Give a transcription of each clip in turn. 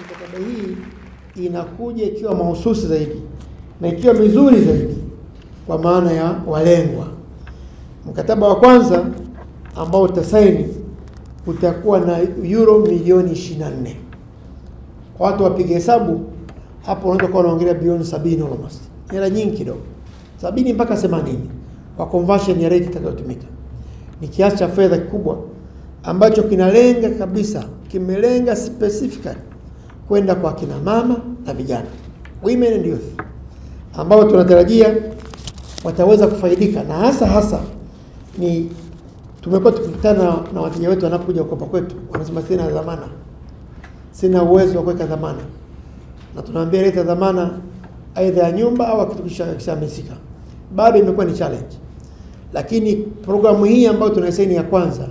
mikataba hii inakuja ikiwa mahususi zaidi na ikiwa mizuri zaidi kwa maana ya walengwa. Mkataba wa kwanza ambao utasaini utakuwa na euro milioni 24. Kwa watu wapige hesabu hapo, unaweza kuwa unaongelea bilioni 70 almost, hela nyingi kidogo, 70 mpaka 80 kwa conversion ya rate itakayotumika. Ni kiasi cha fedha kikubwa ambacho kinalenga kabisa, kimelenga specifically kwenda kwa kina mama na vijana, women and youth, ambao tunatarajia wataweza kufaidika na hasa hasa ni tumekuwa tukikutana na wateja wetu wanapokuja kukopa kwetu, wanasema sina dhamana, sina uwezo wa kuweka dhamana, na tunaambia leta dhamana aidha ya nyumba au kitu kishamisika, bado imekuwa ni challenge. Lakini programu hii ambayo tunaisaini ya kwanza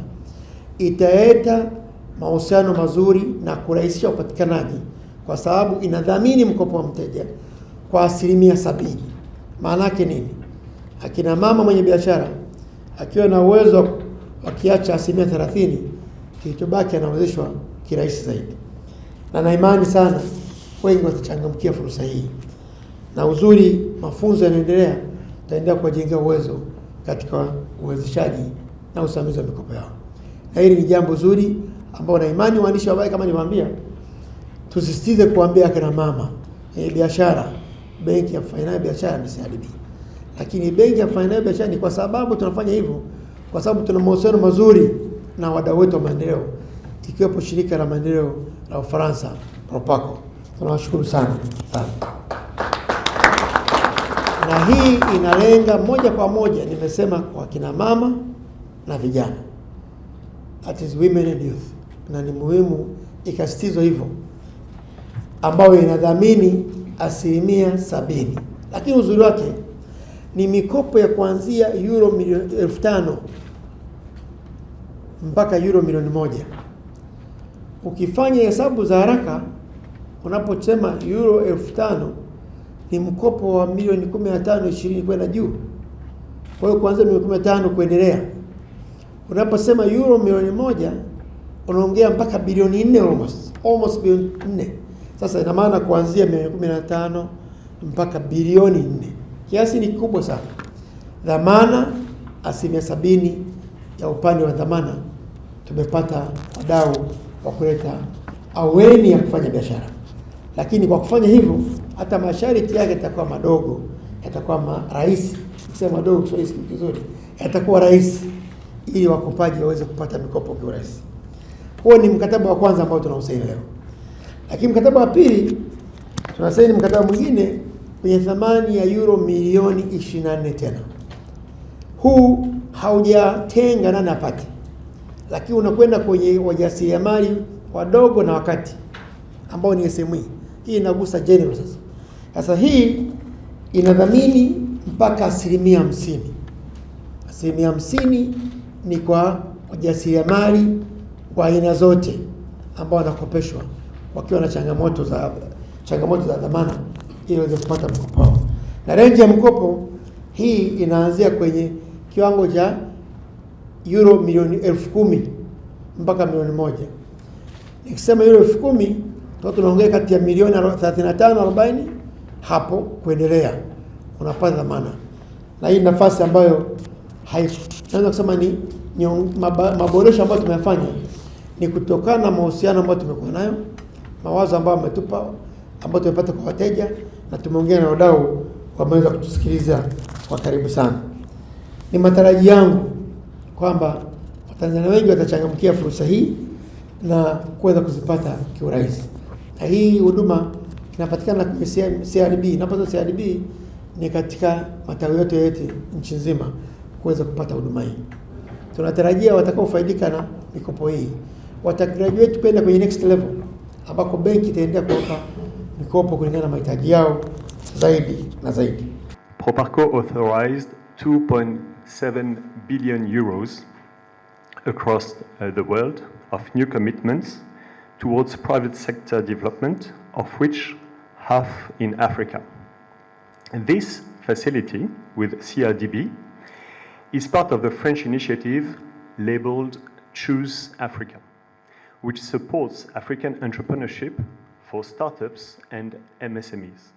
itaeta mahusiano mazuri na kurahisisha upatikanaji, kwa sababu inadhamini mkopo wa mteja kwa asilimia sabini. Maana yake nini? Akina mama mwenye biashara akiwa na uwezo wa kiacha asilimia thelathini, kilichobaki anawezeshwa kirahisi zaidi, na na imani sana wengi watachangamkia fursa hii, na uzuri mafunzo yanaendelea, taendelea kuwajengia uwezo katika uwezeshaji na usimamizi wa mikopo yao, na hili ni jambo zuri ambao na imani waandishi wa habari kama nilivyowaambia, tusisitize kuambia akina mama e, biashara benki ya kufanya biashara ni CRDB, lakini benki ya kufanya biashara ni kwa sababu tunafanya hivyo kwa sababu tuna mahusiano mazuri na wadau wetu wa maendeleo ikiwepo shirika la maendeleo la Ufaransa Propaco. Tunawashukuru sana sana, na hii inalenga moja kwa moja, nimesema kwa kina mama na vijana, that is women and youth na ni muhimu ikasitizwa hivyo, ambayo inadhamini asilimia sabini, lakini uzuri wake ni mikopo ya kuanzia euro milioni elfu tano mpaka euro milioni moja. Ukifanya hesabu za haraka, unaposema euro elfu tano ni mkopo wa milioni 15 20 kwenda juu. Kwa hiyo kuanzia milioni 15 kuendelea. Unaposema euro milioni moja wanaongea mpaka bilioni nne almost almost bilioni nne. Sasa ina maana kuanzia milioni kumi na tano mpaka bilioni nne, kiasi ni kikubwa sana. Dhamana asilimia sabini ya upande wa dhamana, tumepata wadau wa kuleta aweni ya kufanya biashara, lakini kwa kufanya hivyo hata masharti yake yatakuwa madogo, yatakuwa rahisi. Sema madogo Kiswahili kizuri, yatakuwa rahisi ili wakopaji waweze kupata mikopo kiurahisi. Huo ni mkataba wa kwanza ambao tunausaini leo, lakini mkataba wa pili tunasaini mkataba mwingine wenye thamani ya euro milioni 24 tena. Huu haujatenga nani apate, lakini unakwenda kwenye wajasiriamali wadogo na wakati ambao ni SME. Hii inagusa general sasa. Sasa hii inadhamini mpaka asilimia hamsini. Asilimia hamsini ni kwa wajasiriamali kwa aina zote ambao wanakopeshwa wakiwa na changamoto za changamoto za dhamana ili waweze kupata mkopo wao. Na renji ya mkopo hii inaanzia kwenye kiwango cha euro milioni elfu kumi mpaka milioni moja. Nikisema euro elfu kumi tunaongea kati ya milioni 35 40 hapo kuendelea unapata dhamana, na hii nafasi ambayo hai naweza kusema ni maboresho ambayo tumeyafanya ni kutokana na mahusiano ambayo tumekuwa nayo, mawazo ambayo ametupa, ambayo tumepata kwa wateja na tumeongea na wadau, wameweza kutusikiliza kwa karibu sana. Ni matarajio yangu kwamba Watanzania wengi watachangamkia fursa hii na kuweza kuzipata kiurahisi, na hii huduma inapatikana kwenye CRDB. Inapozo CRDB ni katika matawi yote yote nchi nzima kuweza kupata huduma hii. Tunatarajia watakaofaidika na mikopo hii watagraduate kwenda kwenye next level ambako benki itaendelea kuwapa mikopo kulingana na mahitaji yao zaidi na zaidi. Proparco authorized 2.7 billion euros across uh, the world of new commitments towards private sector development of which half in Africa. This facility with CRDB is part of the French initiative labeled Choose Africa which supports African entrepreneurship for startups and MSMEs.